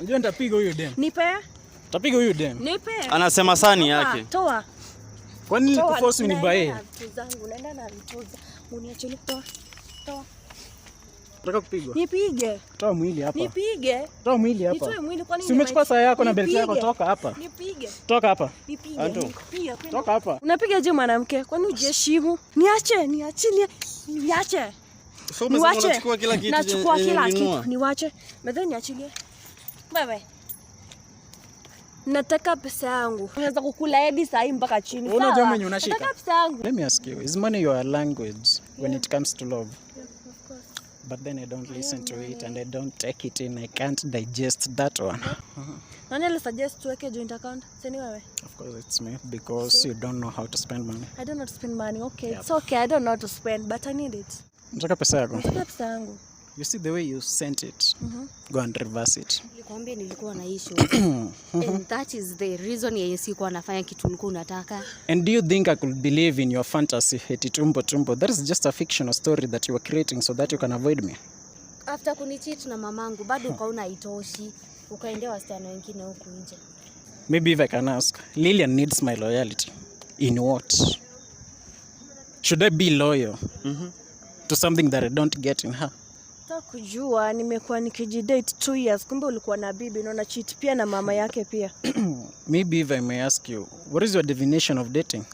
Unajua nitapiga huyu dem. Nipe. Nitapiga huyu dem. Nipe. Anasema sani yake. Toa. Kwa nini kuforce unibae? Unaenda na mtuza. Uniachilie toa. Toa. Nataka kupigwa. Nipige. Toa mwili hapa. Nipige. Toa mwili hapa. Nitoe mwili kwa nini? Si umechukua saa yako na belt yako toka hapa. Nipige. Toka hapa. Nipige. Nipige. Toka hapa. Unapiga je mwanamke? Kwa nini ujiheshimu? Niache, niachilie. Niache. Niwache. Nachukua kila kitu. Eh, eh, Niwache. Madhani niachilie wewe? Nataka pesa yangu. Unaweza kukula hadi saa hii mpaka chini. Sawa. Unajua mwenye unashika. Nataka pesa yangu. Let me ask you, is money your language when it comes to love? But then I don't listen to it and I don't take it in. I can't digest that one. Nani alisuggest tuweke joint account? Sini wewe? Of course it's me because you don't know how to spend money. I don't know to spend money. Okay, It's okay. I don't know how to spend but I need it. Nataka pesa yako. Nataka pesa yangu. You see the way you sent it. Mm-hmm. Go and reverse it. Nilikwambia nilikuwa na issue. And that is the reason yeye sikuwa nafanya kitu nilikuwa nataka. And do you think I could believe in your fantasy eti tumbo tumbo? That is just a fictional story that you are creating so that you can avoid me. After kunicheat na mamangu bado ukaona haitoshi, ukaendea wasichana wengine huku nje. Maybe if I can ask, Lillian needs my loyalty. In what? Should I be loyal? Mm-hmm. To something that I don't get in her? Nataka kujua nimekuwa nikijidate 2 years, kumbe ulikuwa na bibi na unacheat pia na mama yake pia. Maybe if I may ask you, what is your definition of dating?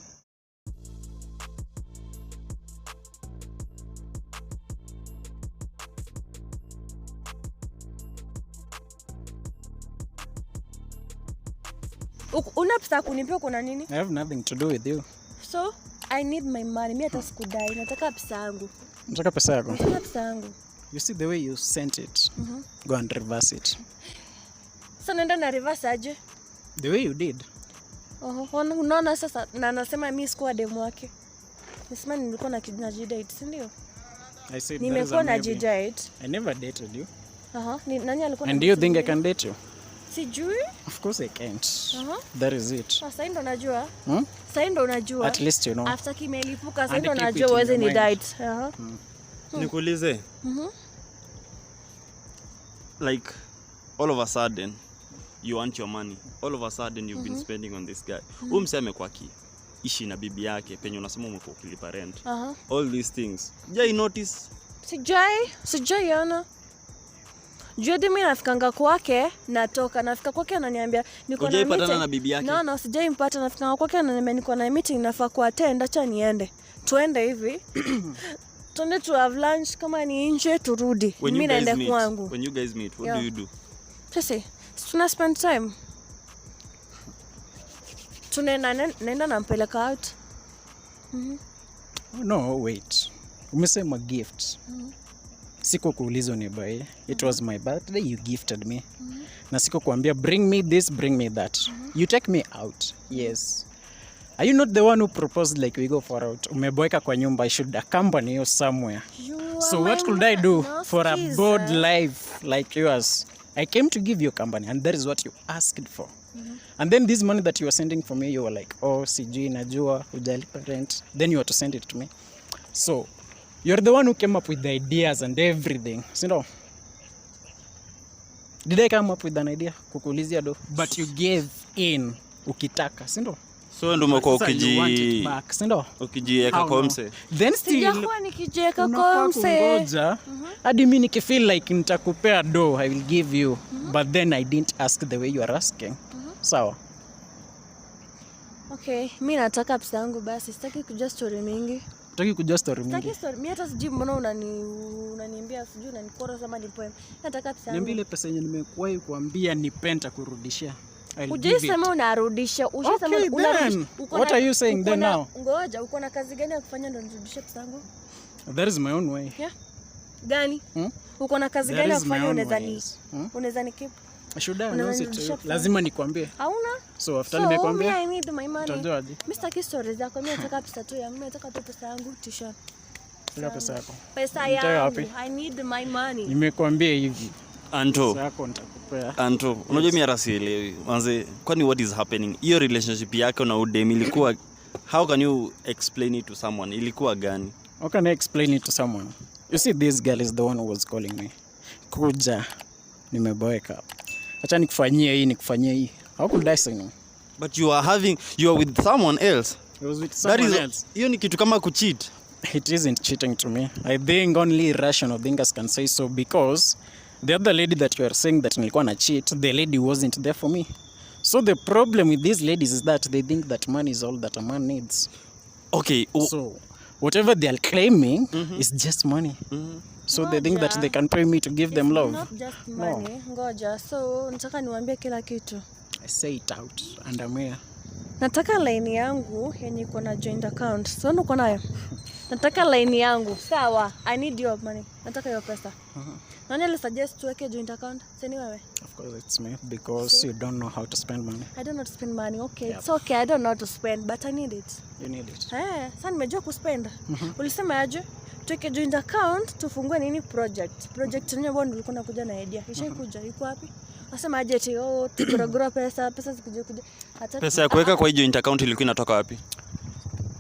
Unapsa pesa kuna nini? I have nothing to do with you. So, I need my money. Mimi hata sikudai. Nataka pesa yangu. Nataka pesa yako. Nataka pesa yangu. You see the way you sent it. Mm -hmm. Go and reverse it. So nenda na reverse aje? The way you did. Oh, unaona sasa na anasema mi sikuwa demu wake. Nasema nilikuwa na kijidate, si I said nimekuwa na jidate. I never dated you. And do you think I can date you? Of course I can't. Uh-huh. That is it. Oh, najua. Hmm? Sasa ndo najua. know. uweze ni date. Aha. Hmm. Nikuulize. Mhm like all of a sudden you want your money, all of a sudden you've mm -hmm. been mhm. spending on this guy. Mhm. Huyu msee kwaki ishi na bibi yake penye unasema umekuwa ukilipa rent. uh -huh. All these things. Jai notice? Sijai, sijai ana. Juu mimi nafikanga kwake, natoka nafika kwake, ananiambia niko na meeting na bibi yake. No, sijai mpata. Nafikanga kwake, ananiambia niko na meeting, nafaa kuattend, acha niende, tuende hivi tuende tu have lunch kama ni nje turudi. Mimi naenda kwangu. When you guys meet, what do you do? tuna spend time. Tunaenda naenda nampeleka out. Mm -hmm. No, wait. Umesema gift. Mm -hmm. Siko kuulizo ni by. It was mm-hmm. my birthday you gifted me. Mm -hmm. Na siko kuambia bring me this, bring me that. Mm -hmm. You take me out. Yes. Are you not the one who proposed like we go for out? Umeboeka kwa nyumba, I should accompany you somewhere. You so what could I do no, for a eh? bored life like yours? I came to give you company and that is what you asked for. Mm-hmm. And then this money that you were sending for me, you were like, oh, CG, najua, ujali parent. Then you were to send it to me. So you're the one who came up with the ideas and everything. You know? Did I come up with an idea? Kukuulizia do. But you gave in ukitaka, You know? So ndo umekuwa ukiji ukijiweka komse. Then still nikijiweka komse. Ngoja. Mhm. Hadi mimi nikifeel like nitakupea do, I will give you. Mm -hmm. But then I didn't ask the way you are asking. Mm -hmm. Sawa. Okay, mimi nataka pesa yangu basi. Sitaki kujua story mingi. Sitaki kujua story mingi. Sitaki story. Mimi hata sijui mbona unani unaniambia sijui unanikora sama ni poem. Nataka pesa yangu. Niambie ile pesa yenye nimekuwahi kuambia nipenda kurudishia ujisema unarudisha. Okay, then. What are you saying then now? Ngoja, uko na kazi gani ya kufanya ndo nirudishe pesa yangu? That is my own way. Yeah. Gani? Hmm? Uko na kazi gani ya kufanya unaweza ni? Hmm? Unaweza ni keep? Should I announce it? Lazima nikwambie. Hauna? So after so, nimekwambia. I need my money. Mimi mr kistori zako. Mimi nataka pesa tu yangu. Mimi nataka tu pesa yangu tisha shirt Pesa yako. Pesa yangu. I need my money. Nimekwambia hivi. Anto. Anto, unajua mimi hata sielewi. Manze, kwani what is happening? Hiyo relationship yako na Udem ilikuwa how can you explain it to someone? Ilikuwa gani? How can I explain it to someone? You see this girl is the one who was calling me. Kuja, nimeboeka. Acha nikufanyie hii, nikufanyie hii. How could I say no? But you are having you are with someone else. I was with someone is, else. Hiyo ni kitu kama kucheat. It isn't cheating to me. I think only rational thinkers can say so because the other lady that you are saying that nilikuwa na cheat the lady wasn't there for me so the problem with these ladies is that they think that money is all that a man needs okay so whatever they are claiming mm -hmm. is just money mm -hmm. so they think that they can pay me to give them love not just money. No. ngoja so nataka niwaambie kila kitu I say it out and I'm here nataka line yangu yenye iko na joint account so uko nayo nataka line yangu sawa, I need your money, nataka your pesa. Uh-huh. Nani ali suggest tuweke joint account? Si ni wewe? Of course it's me because so, you don't know how to spend money. I don't know to spend money. Okay, yep. It's okay. I don't know how to spend but I need it. You need it. Eh, sasa nimejua ku kuspend. Mm-hmm. Ulisema aje? Tuweke joint account tufungue nini project. Project yenyewe bwana ulikuwa unakuja na idea. Ishaikuja, mm-hmm. iko wapi? Nasema aje ti oh, tukorogoro pesa, pesa zikuja kuja. Hata Pesa ya kuweka kwa hiyo joint account ilikuwa inatoka wapi?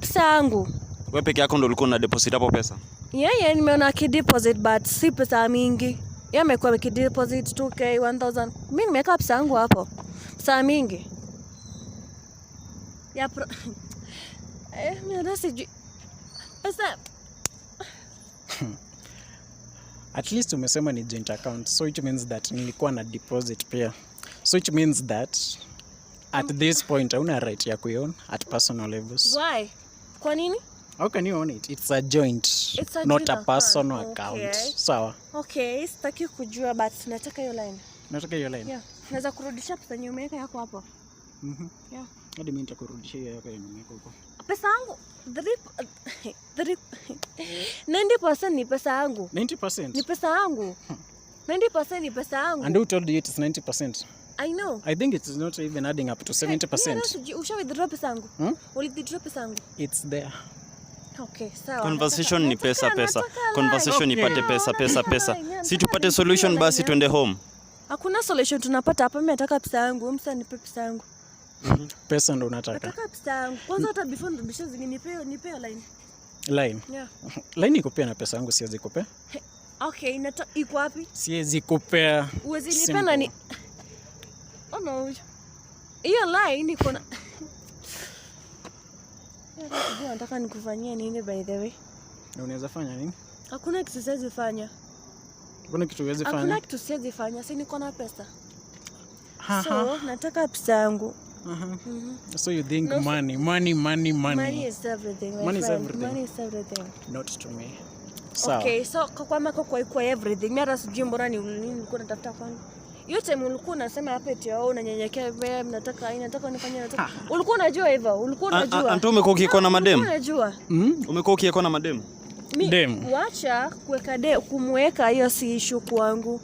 Pesa yangu. Wewe peke yako ndio ulikuwa una deposit hapo pesa? Yeah, yeah, nimeona ki deposit but si pesa mingi. Yeye amekuwa ki deposit 2k, 1000. Mimi nimeweka pesa yangu hapo. Pesa mingi. Ya pro... Eh, mimi sijui. Pesa At least umesema ni joint account, so it means that nilikuwa na deposit pia. So it means that at mm. this point hauna right ya kuiona at personal levels. Why? Kwa nini? How can you own it? It's a joint, It's a not joint a personal account. Sawa. Okay. so, Okay, sitaki kujua but nataka hiyo line. Nataka hiyo line. Yeah. Naweza kurudisha pesa yenye umeweka yako hapo. Mhm. Yeah. Hadi mimi nitakurudishia hiyo yako yenye umeweka huko. Pesa yangu 90% ni pesa yangu. 90%? Ni pesa yangu. 90% hmm. ni pesa yangu. And who told you it's 90%? I know. I think it is not even adding up to 70%. Usha withdraw pesa yangu. Hmm? withdraw pesa yangu. It's there. Conversation ni pesa pesa. Conversation ipate pesa pesa pesa. Si tupate solution basi tuende home. Hakuna solution tunapata hapa. Mimi nataka pesa yangu, msa nipe pesa yangu. Mhm. Pesa ndo unataka. Nataka pesa yangu. Kwanza hata before ndo bishozi nipe nipe line. Line. Yeah. Line iko pia na pesa yangu siwezi kupea. Okay, nata iko wapi? Siwezi kupea. Uwezi nipe na ni. Oh no. Hiyo line iko na Sijui nataka nikufanyia nini by the way. Na unaweza fanya nini? Hakuna kitu siwezi fanya. Hakuna kitu siwezi fanya. Hakuna kitu siwezi fanya. Si niko na pesa. Ha, -ha. so, Nataka pesa yangu. Uh -huh. mm -hmm. So you think no, money, money, money, money. Money is everything. Money is everything. Money is everything. Not to me. So. Okay, so kwa kwa kwa kwa everything. Mimi hata sijui mbona nilikuwa natafuta kwanza yote ulikuwa unasema hapa eti wao oh, unanyenyekea wewe, mnataka aina nataka nifanye nataka. Ulikuwa unajua hivyo, ulikuwa unajua. Antu umekuwa ukiko na madem. Unajua. Mhm. Umekuwa ukiko na madem. Dem. Wacha kuweka de kumweka, hiyo si issue kwangu.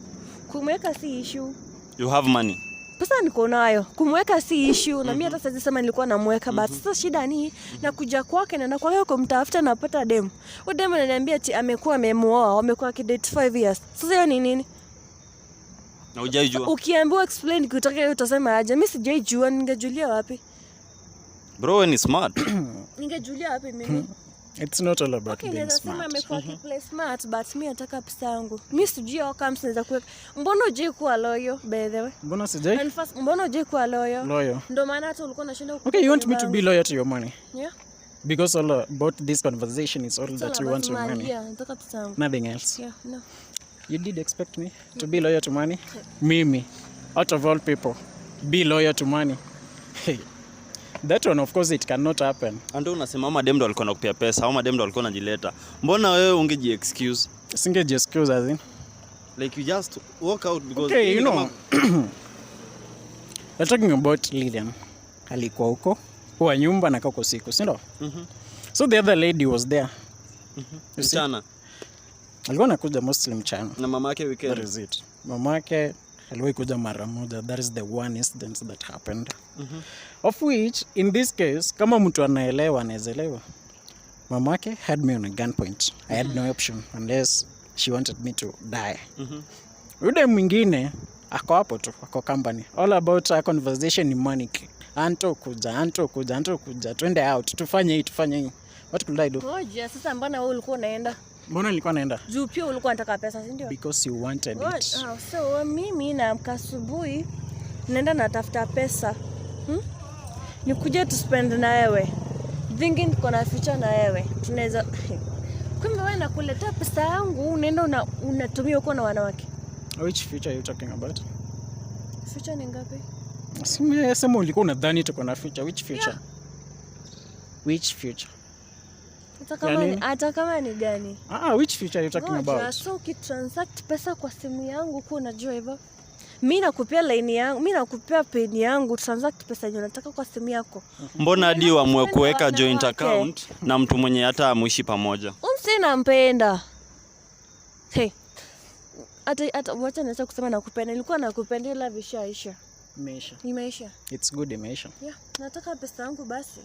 Kumweka si issue. You have money. Pesa niko nayo. Kumweka si issue na mimi mhm. hata sasa sema nilikuwa namweka but mhm. sasa shida ni na kuja kwake na na kwa hiyo kumtafuta napata dem. Udem ananiambia eti amekuwa amemuoa, amekuwa kidate 5 years. Sasa hiyo ni nini? Na hujaijua. Ukiambiwa explain kutoka utasema aje? Mimi sijaijua, ningejulia wapi? Bro, wewe ni smart. Ningejulia wapi mimi? Hmm. It's not all about okay, being smart. Okay, amekuwa mm -hmm. smart but mi nataka pesa yangu. Mimi sijui how comes naweza kuweka. Mbona uje kuwa loyo by the way? Mbona sijui? And first, mbona uje kuwa loyo? Loyo. Ndio maana hata ulikuwa unashinda huko. Okay, you want me to be loyal to your money? Yeah. Because all about this conversation is all that you want your money. Yeah, nataka pesa yangu. Nothing else. Yeah, no. You did expect me to be loyal to money? Mimi, out of all people, be loyal to money. Hey. That one of course it cannot happen. Ndio unasema au madem ndo alikuwa anakupea pesa au madem ndo alikuwa anajileta. Mbona wewe ungeji excuse? Singeji excuse as in. Like you just walk out because Okay, you know. We're talking about Lilian. Alikuwa huko kwa nyumba na kako siku, si ndio? Mhm. So the other lady was there. Mhm. Mm alikuwa anakuja mostly mchana na mama yake weekend. That is it. Mama yake aliwahi kuja mara moja, that is the one incident that happened mm -hmm. of which in this case kama mtu anaelewa anaezelewa, mama yake had me on a gunpoint. mm -hmm. I had no mm-hmm. option unless she wanted me to die mm -hmm. Yule mwingine ako hapo tu, ako company, all about a conversation ni manic, anto kuja, anto kuja, anto kuja, twende out, tufanye hii, tufanye hii. What could I do? Oh, yes. sasa, mbona wewe ulikuwa unaenda Mbona nilikuwa naenda? Juu pia ulikuwa unataka pesa, si ndio? Because you wanted it. Oh, so uh, mimi naamka asubuhi naenda natafuta pesa hmm? Nikuje tu spend na wewe. Thinking tuko na future na wewe. Tunaweza Kumbe wewe nakuletea pesa yangu unaenda una, unatumia huko na wanawake. Which future are you talking about? Future ni ngapi? Sema, Sema ulikuwa unadhani tuko na future. Which future? Yeah. Which future? hata kama ni gani? Ah, which future you talking about? So ukitransact pesa kwa simu yangu ku unajua hivyo, mi nakupea laini yangu, mi nakupea pin yangu, transact pesa yenye unataka kwa simu yako. Mbona hadi uamue kuweka joint account na mtu mwenye hata amuishi pamoja? Umsi nampenda hata ata, wacha naweza kusema nakupenda, nilikuwa nakupenda ila vishaisha. Imeisha. Imeisha. It's good imeisha. Yeah. Nataka pesa yangu basi.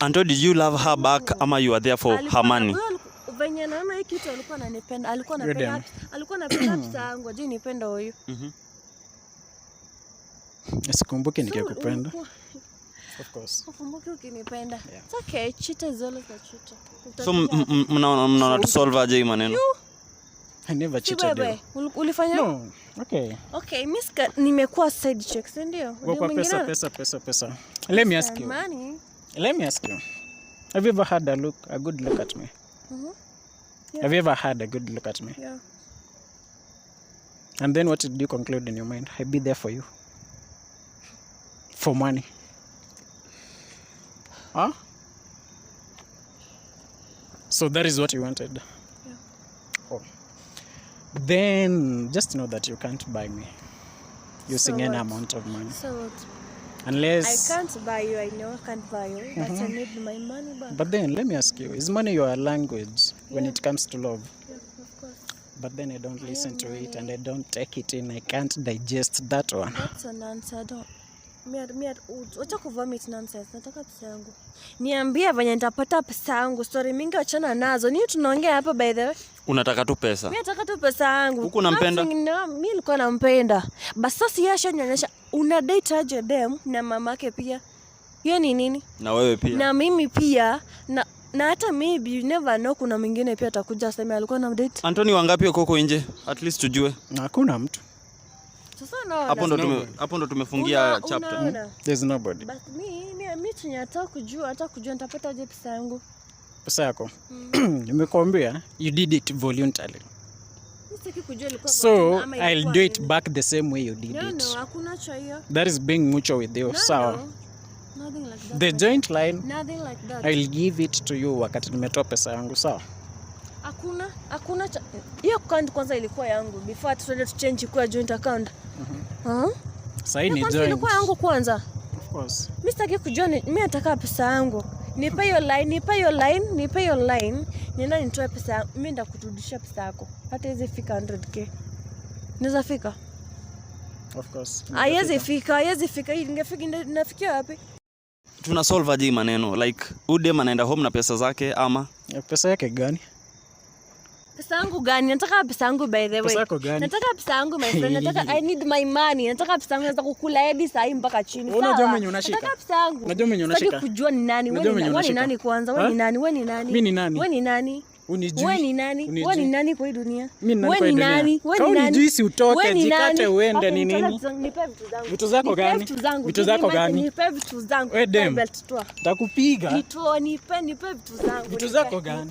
Until did you love her back mm. ama you are there for alikuwa, her money? alikuwa Venye naona hii kitu alikuwa ananipenda, alikuwa anapenda, alikuwa anapenda pesa yangu, ajui nipenda huyu. Mhm. mm Sikumbuki nikikupenda. Of course. Ukumbuke ukinipenda. Yeah. It's okay, cheat is always a cheat. So mnaona mnaona tu solve aje hii maneno? I never cheated. Ulifanya? No. Okay. Okay, Miss miska nimekuwa side check, si ndio? Kwa pesa pesa pesa pesa. Let me ask you. Money. Let me ask you. Have you ever had a look, a good look at me? Mm-hmm. Yeah. Have you ever had a good look at me? Yeah. And then what did you conclude in your mind? I'd be there for you. For money. Huh? So that is what you wanted then just know that you can't buy me using so any what? amount of money. So what? Unless I can't buy you, I know I can't buy you, but mm-hmm. I need my money back. But then let me ask you, is money your language yeah. when it comes to love? Yeah, of course. But then I don't I listen to money. it and I don't take it in. I can't digest that one. That's an answer. Don't. Wacha kuvomit nonsense. Nataka pesa yangu. Niambie venye nitapata pesa yangu. Story mingi achana nazo. Ni tunaongea hapa by the way. Unataka tu pesa. Mimi nataka tu pesa yangu. Huko nampenda. Mimi nilikuwa nampenda. Basi sasa yeye ashanionyesha una date aje dem na mamake pia. Hiyo ni nini? Na wewe pia. Na mimi pia na na hata maybe you never know, kuna mwingine pia atakuja aseme alikuwa na date. Anthony, wangapi wako huko nje? At least tujue. Na hakuna mtu. Sasa naona. Hapo ndo tume hapo ndo tumefungia chapter. Una, There's nobody. But mimi mimi tunataka kujua hata kujua nitapata aje pesa yangu pesa yako mm. Nimekuambia you did it voluntarily so I'll do it back the same way you did no, it no, that is being mucho with you no, sawa no. like The joint line like I'll give it to you wakati nimetoa pesa yangu sawa. Hakuna, hakuna hiyo account kwanza ilikuwa yangu before tuende tu change kwa joint account. Mhm. Uh-huh. Sasa hii ni joint. Ilikuwa yangu kwanza. Of course. Mimi sitaki kujoin, mimi nataka pesa yangu nipe hiyo line, nipe hiyo line, nipe hiyo line, nina nitoe pesa yangu. Mimi ndakurudishia pesa yako, hata hizi fika 100k naweza fika. Of course haiwezi ah, fika, haiwezi fika. Hii ingefika inafikia wapi? Tuna solve aje maneno like udem anaenda home na pesa zake ama eh, pesa yake gani? pesa yangu gani? Nataka pesa yangu by the way. Pesa yako gani? Nataka pesa yangu my friend. Nataka I need my money. Nataka pesa yangu naweza kukula hadi saa hii mpaka chini. Sawa. Unajua mwenye unashika. Nataka pesa yangu. Unajua mwenye unashika. Sitaki kujua ni nani. Wewe ni nani kwanza? Wewe ni nani? Wewe ni nani? Mimi ni nani? Wewe ni nani? Unijui. Wewe ni nani? Wewe ni nani kwa hii dunia? Mimi ni nani kwa hii dunia? Wewe ni nani? Unijui si utoke jikate uende ni nini? Nipe vitu zangu. Vitu zako gani? Vitu zako gani? Nipe vitu zangu. Wewe dem. Nitakupiga. Nitoe nipe nipe vitu zangu. Vitu zako gani?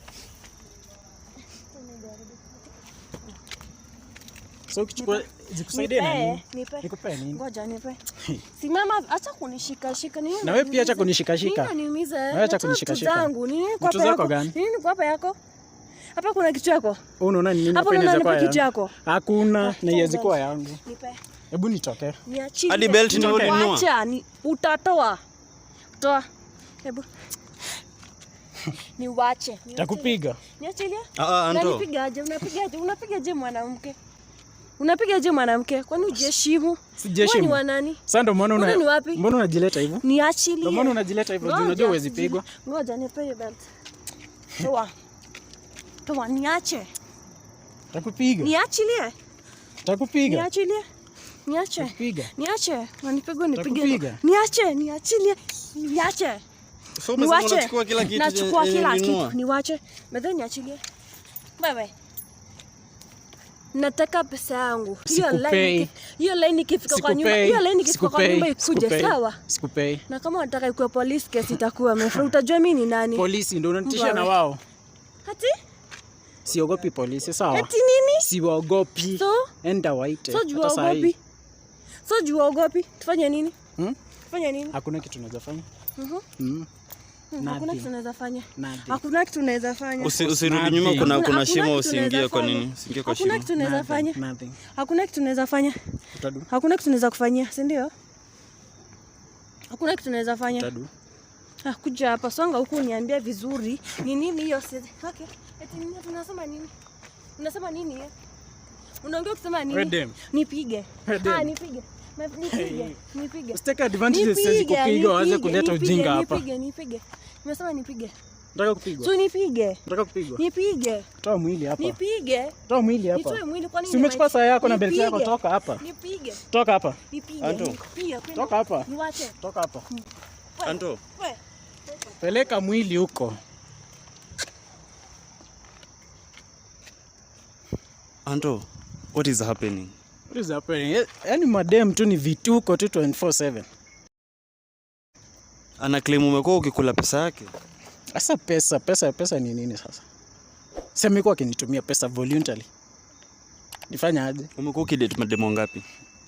So ukichukua zikusaidie nani? Nipe. Nikupe nini? Ngoja nipe. Simama, acha kunishika shika nini? Na wewe pia acha kunishika shika. Nini niumize? Na wewe acha kunishika shika. Zangu, nini kwa hapo yako? Gani? Nini kwa hapo yako? Hapa kuna kitu yako? Wewe unaona nini hapa inaweza kwa kitu yako? Hakuna, na iwezi kuwa yangu. Nipe. Hebu nitoke. Niachie. Hadi belt ni wewe ununua. Acha, ni utatoa. Toa. Hebu. Niwache. Takupiga. Niachilia. Ah, ah, ndio. Unapigaje? Unapigaje? Unapigaje mwanamke? Unapiga je mwanamke? Kwani ujiheshimu? Sijiheshimu. Wewe ni wanani? Sasa ndio maana una ni wapi? Mbona unajileta hivyo? Niachilie. Ndio maana unajileta hivyo, unajua huwezi pigwa. Ngoja nipe belt. Toa. Toa niache. Takupiga. Niachilie. Takupiga. Niachilie. Niache. Takupiga. Niache. Unanipigwa nipige. Niache, niachilie. Niache. kitu. Nachukua kila kitu. Niwache. Madhani niachilie. Bye bye nataka pesa yangu. Hiyo line ikifika kwa nyumba, hiyo line ikifika kwa nyumba ikuje sawa. Sikupei. Na kama unataka ikuwa police case itakuwa mefra, utajua mimi ni nani. Polisi ndio unatisha na wao. Hati? Siogopi polisi sawa. Hati nini? Siwaogopi. So, enda waite. So jua ogopi. So jua ogopi. Tufanye nini? Hmm? Tufanye nini? Hakuna kitu unaweza fanya. Mhm. Mm mhm. Hakuna kitu unaweza fanya. Hakuna kitu unaweza fanya. Usirudi nyuma, kuna kuna shimo usiingie kwa nini? Usiingie kwa shimo. Hakuna kitu unaweza fanya. Hakuna kitu unaweza fanya. Hakuna kitu unaweza kufanyia, si ndio? Hakuna kitu unaweza fanya. Ah, kuja hapa songa huku niambia vizuri. Ni nini hiyo? Okay. Eti nini tunasema nini? Unasema nini? Unaongea kusema nini? Nipige. Ah, nipige. Usitake advantages waanze kuleta ujinga hapa. Nipige, nipige. Nimesema nipige. Nataka kupigwa. nipige. Nataka kupigwa. Nipige. Toa mwili hapa. Nipige. Toa mwili hapa. Nitoe mwili si umechukua saa yako na belt yako toka hapa. Nipige. Toka hapa. Nipige. Anto. Toka hapa. Niwache. Toka hapa. Hmm. Anto. Peleka mwili huko. Anto, what is happening? What is happening? Yaani madem tu ni vituko tu 24/7. Ana claim umekuwa ukikula pesa yake. Sasa pesa, pesa, pesa ni nini sasa? Sema iko kinitumia pesa voluntarily. Nifanya aje? Umekuwa ukidate madem ngapi?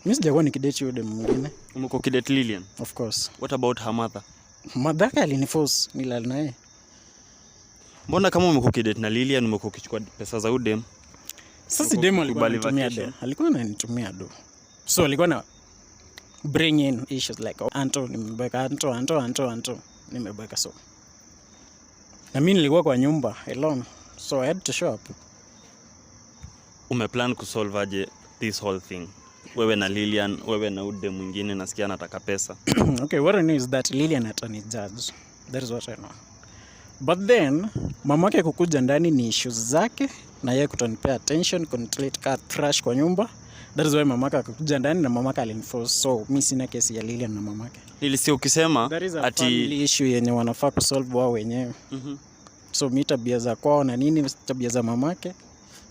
Mimi sijakuwa nikidate yule dem mwingine. Umekuwa ukidate Lilian? Of course. What about her mother? Mother yake aliniforce nilale naye. Mbona kama umekuwa ukidate na Lilian umekuwa ukichukua pesa za udem? Sasa demo alikuwa ananitumia do, alikuwa ananitumia do, so alikuwa na bring in issues like oh, Anto nimebweka, Anto Anto Anto Anto nimebweka. So na mimi nilikuwa kwa nyumba alone, so I had to show up. Umeplan kusolve aje this whole thing? Wewe na Lilian, wewe na ude mwingine, nasikia anataka pesa. Okay, what I know is that Lilian atani judge. That is what I know. But then mamake kukuja ndani ni issues zake na yeye kutonipea attention, kunitreat kama trash kwa nyumba. That is why mamaka akakuja ndani na mamaka alinforce So mi sina kesi ya Lilian na mamake. Nilisikia ukisema ati issue yenye wanafaa kusolve wao wenyewe. mm -hmm. So mi tabia za kwao na nini, tabia za mamake,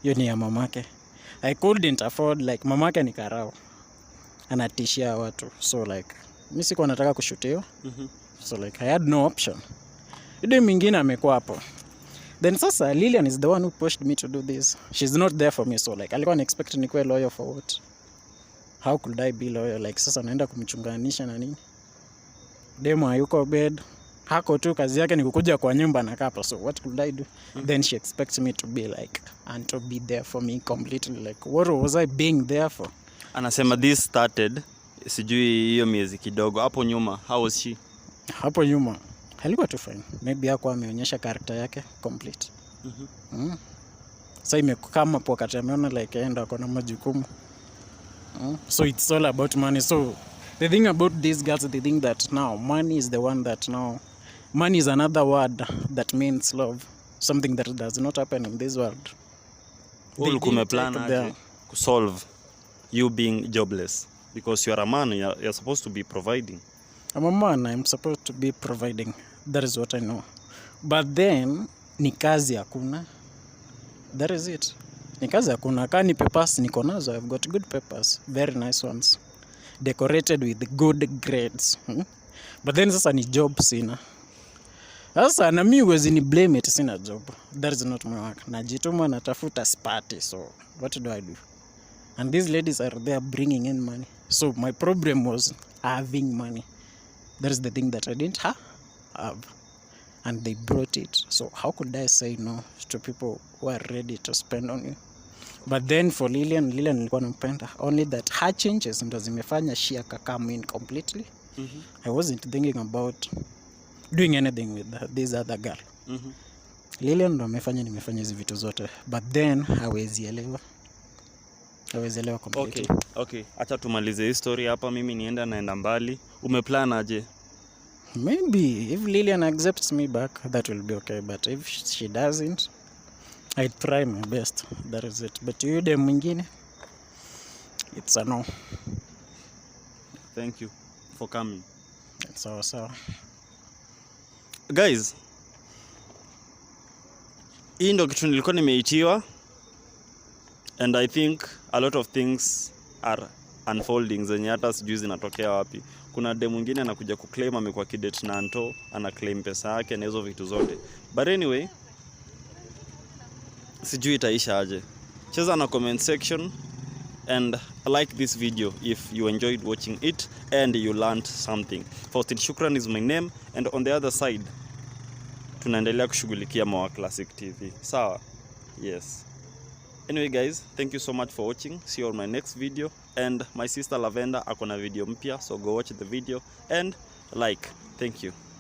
hiyo ni ya mamake. I couldn't afford like mamake ni karao. Anatishia watu. So like mi siko nataka kushutiwa. mm -hmm. So like I had no option. Ndio mwingine amekuwa hapo. Then sasa Lilian is the one who pushed me to do this. She's not there for me so like alikuwa na expect nikuwe lawyer for what? How could I be lawyer? Like sasa naenda kumchunganisha na nini? Demo hayuko bed. Hako tu kazi yake ni kukuja kwa nyumba na kapa so what could I do? Mm. Then she expects me to be like and to be there for me completely like what was I being there for? Anasema this started sijui hiyo miezi kidogo hapo nyuma. How was she? Hapo nyuma alikuwa tu fine, maybe yako ameonyesha character yake complete. mm -hmm. mm. So imekama po wakati ameona like aenda ako na majukumu mm. So it's all about money. So the thing about these girls, they think that now money is the one that now money is another word that means love, something that does not happen in this world. Ulikuwa plan Kumeplan solve you being jobless because you are a man, you are, you are supposed to be providing. I'm a man, I'm supposed to be providing. That is what I know. But then ni kazi hakuna. That is it. Ni kazi hakuna. Kaa ni papers niko nazo. I've got good papers, very nice ones. Decorated with good grades. Hmm? But then sasa ni job sina. Sasa na mimi ni blame it, sina job. That is not my work. Najituma natafuta spati, So what do I do? And these ladies are there bringing in money. So my problem was having money. That is the thing that I didn't have have and they brought it so how could i say no to people who are ready to spend on you but then for lilian lilian ilikuwa nampenda only that her changes ndo zimefanya she akakame in completely mm -hmm. i wasn't thinking about doing anything with this other girl mm -hmm. lilian ndo amefanya nimefanya hizi vitu zote but then hawezielewa hawezielewa okay, okay. hacha tumalize hii story hapa mimi nienda naenda mbali umeplan aje Maybe if Lillian accepts me back, that will be okay. But if she doesn't, I try my best. That is it. But you mwingine, it's a no. Thank you for coming. Sawa sawa. Guys, hii ndo kitu nilikuwa nimeitiwa and I think a lot of things are unfolding zenye hata sijui zinatokea wapi. Kuna de mwingine anakuja kuclaim amekuwa kidet na Anto, ana claim pesa yake na hizo vitu zote, but anyway, sijui itaisha aje. Cheza na comment section and like this video if you enjoyed watching it and you learned something. Faustin Shukran is my name and on the other side tunaendelea kushughulikia Mawa Classic TV. Sawa? Yes. Anyway guys, thank you so much for watching. See you on my next video and my sister Lavenda ako na video mpya, so go watch the video and like. Thank you.